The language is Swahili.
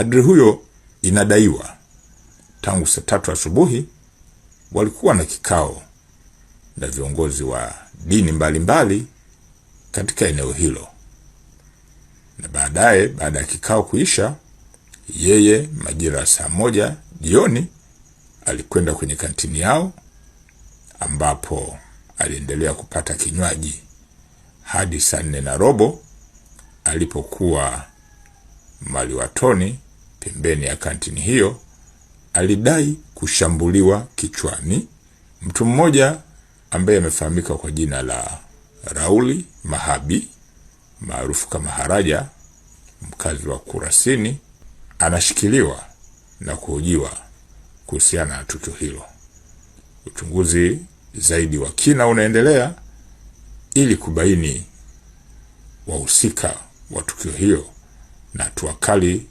Padri huyo inadaiwa tangu saa tatu asubuhi walikuwa na kikao na viongozi wa dini mbalimbali mbali katika eneo hilo, na baadaye, baada ya kikao kuisha, yeye majira ya saa moja jioni alikwenda kwenye kantini yao ambapo aliendelea kupata kinywaji hadi saa nne na robo alipokuwa maliwatoni pembeni ya kantini hiyo alidai kushambuliwa kichwani. Mtu mmoja ambaye amefahamika kwa jina la Rauli Mahabi maarufu kama Haraja, mkazi wa Kurasini, anashikiliwa na kuhojiwa kuhusiana na tukio hilo. Uchunguzi zaidi wa kina unaendelea ili kubaini wahusika wa tukio hilo na hatua kali